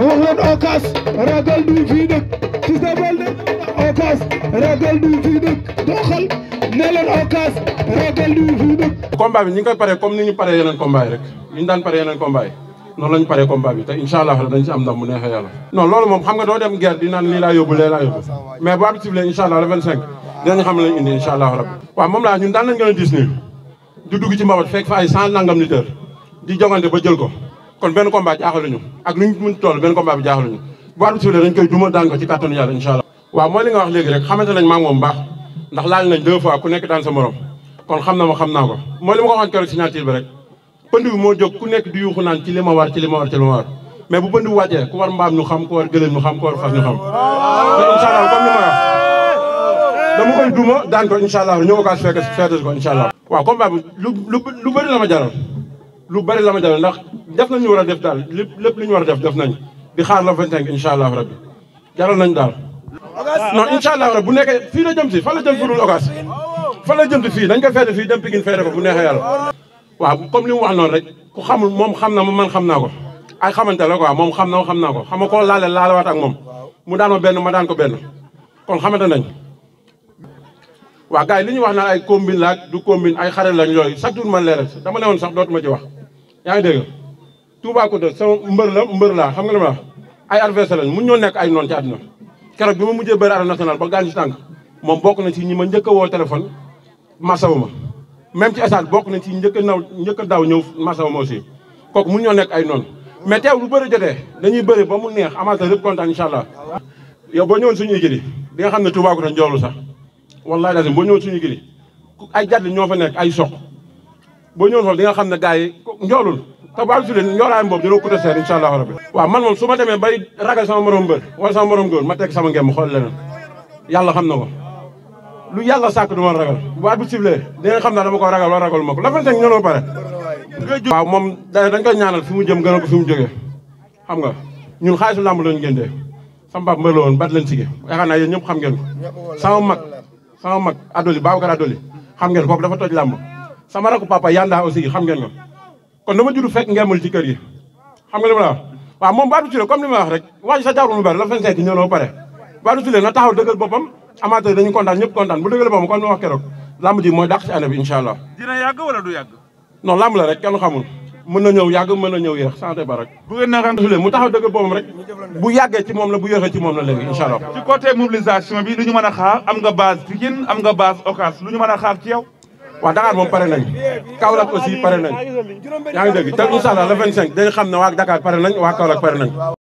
wax leen Ocass ragal duñ fii dëkk Fils de Balla Ocass ragal duñ fii doxal ne leen Ocass ragal duñ fii dëkk. combat bi ñu ngi koy paree comme ni yeneen combat yi rek ni daan paree yeneen combat yi noonu la ñu paree combat te incha allah dañ ci am ndam bu neexee yàlla. non loolu moom xam nga doo dem guerre di naan lii laa yóbbu lee laa yóbbu mais bu habitude la incha allah le 25 dinañ xam lañ indi incha allah rabbi. waaw moom laa ñun daan nañ gën a dis nii di dugg ci mbabat fekk ay 100 nangam litre di jongante ba jël ko kon benn combat jaaxaluñu ak luñ mën toll benn combat bi jaaxaluñu bu arbitre sifflé dañ koy duma daan ko ci kàttanu yàlla incha allah waaw mooy li nga wax léegi rek xamante nañ maa moom baax ndax laal nañ deux fois ku nekk daan sa morom kon xam na ma xam naa ko mooy li ma ko waxoon keroog signature bi rek pënd moo jóg ku nekk di yuuxu naan ci li war ci li ma war ci li ma mais bu bënd wàccee ku war mbaam ñu xam ku war gëléem ñu xam ku war fas ñu xam te allah comme ni ma dama koy duma daan ko incha allah ñëw ko fekk ko incha allah waaw combat bi la ma lu bari la ma jaral ndax def nañu wara def dal lépp lépp lu ñu def def nañ di xaar la 25 inshallah rabbi jaral nañ dal non inshallah rabbi bu nekk fi la jëm ci fa la jëm fulul ogas fa la jëm fi fii dañ ko fédé fi dem pigine fédé ko bu neexee yàlla. waaw comme limu wax non rek ku xamul mom xamna mo man xamna ko ay xamante la ko moom xam xamna ma ko xamako nga koo laale laalewaat ak mom mu daano benn ma daan ko benn kon xamante nañ. waa gars yi li ñuy wax naan ay combine laaj du combine ay xare lañ yooyu chaque jour man leeral dama ne woon sax dootuma ci wax yaa ngi dégg Toubacouta sama mbër la mbër laa xam nga li ma ay adversaire lañ mun ñoo nekk ay noon ci àdduna keroog bi ma mu bëri arène nationale ba gaañ ci tànk moom bokk na ci ñi ma njëkk a woo téléphone masawu ma même ci stade bokk na ci njëkk a naw njëkk a daw ñëw masawu ma aussi kooku mun ñoo nekk ay noon mais teew lu bëri jotee dañuy bëri ba mu neex amateur yëpp kontaan incha allah yow boo ñëwoon suñu équipe di nga xam ne Toubacouta njoolu sax wallahi lazim boo ñëwoon suñu giri ay jàdd ñoo fa nekk ay soq boo ñëwoon foofu di nga xam ne gars yi njoolul te bu absule njoolaayam boobu dina ko coûté cher incha allahu rabi man moom su ma demee bay ragal sama morom mbër wala sama morom góor ma teg sama ngem xool leneen yàlla xam na ko lu yàlla sàkk du ma ragal bu at bu siflee di xam ne dama ko ragal wala ragal ma ko la fa teg ñoo pare waaw moom dañ koy ñaanal fi mu jëm gën a ko mu jógee xam nga ñun xaalisu làmb lañu géndee sama baab woon bat leen sigi yaakaar naa yéen ñëpp xam ngeen ko sama sama mag Adoli Babacar Adoli xam ngeen kooku dafa toj làmb sama rakku papa Yanda aussi xam ngeen ko kon dama juddu fekk ngeemul ci kër xam nga li ma la wax waaw moom Badou Touré comme li ma wax rek waa ji sa jaarul mu bari la 25 ñëw na ba pare Badou Touré na taxaw dëggal boppam amateur dañu kontaan ñëpp kontaan bu dëggal boppam comme li wax keroog làmb ji mooy dàq ci année bi incha allah. dina yàgg wala du yàgg. non làmb la rek kenn xamul. mën na ñëw yàgg mën na ñëw yéex sans débat rek bu ngeen mu taxaw dëgg boobam rek bu yàggee ci moom la bu yéexee ci moom la léegi incha allah ci côté mobilisation bi lu ñu mën a xaar am nga base Pikine am nga base Ocass lu ñu mën a xaar ci yow waaw Dakar moom pare nañ Kaolack aussi pare nañ yaa ngi dégg te incha allah le 25 dañ xam ne waa Dakar pare nañ waa Kaolack pare nañ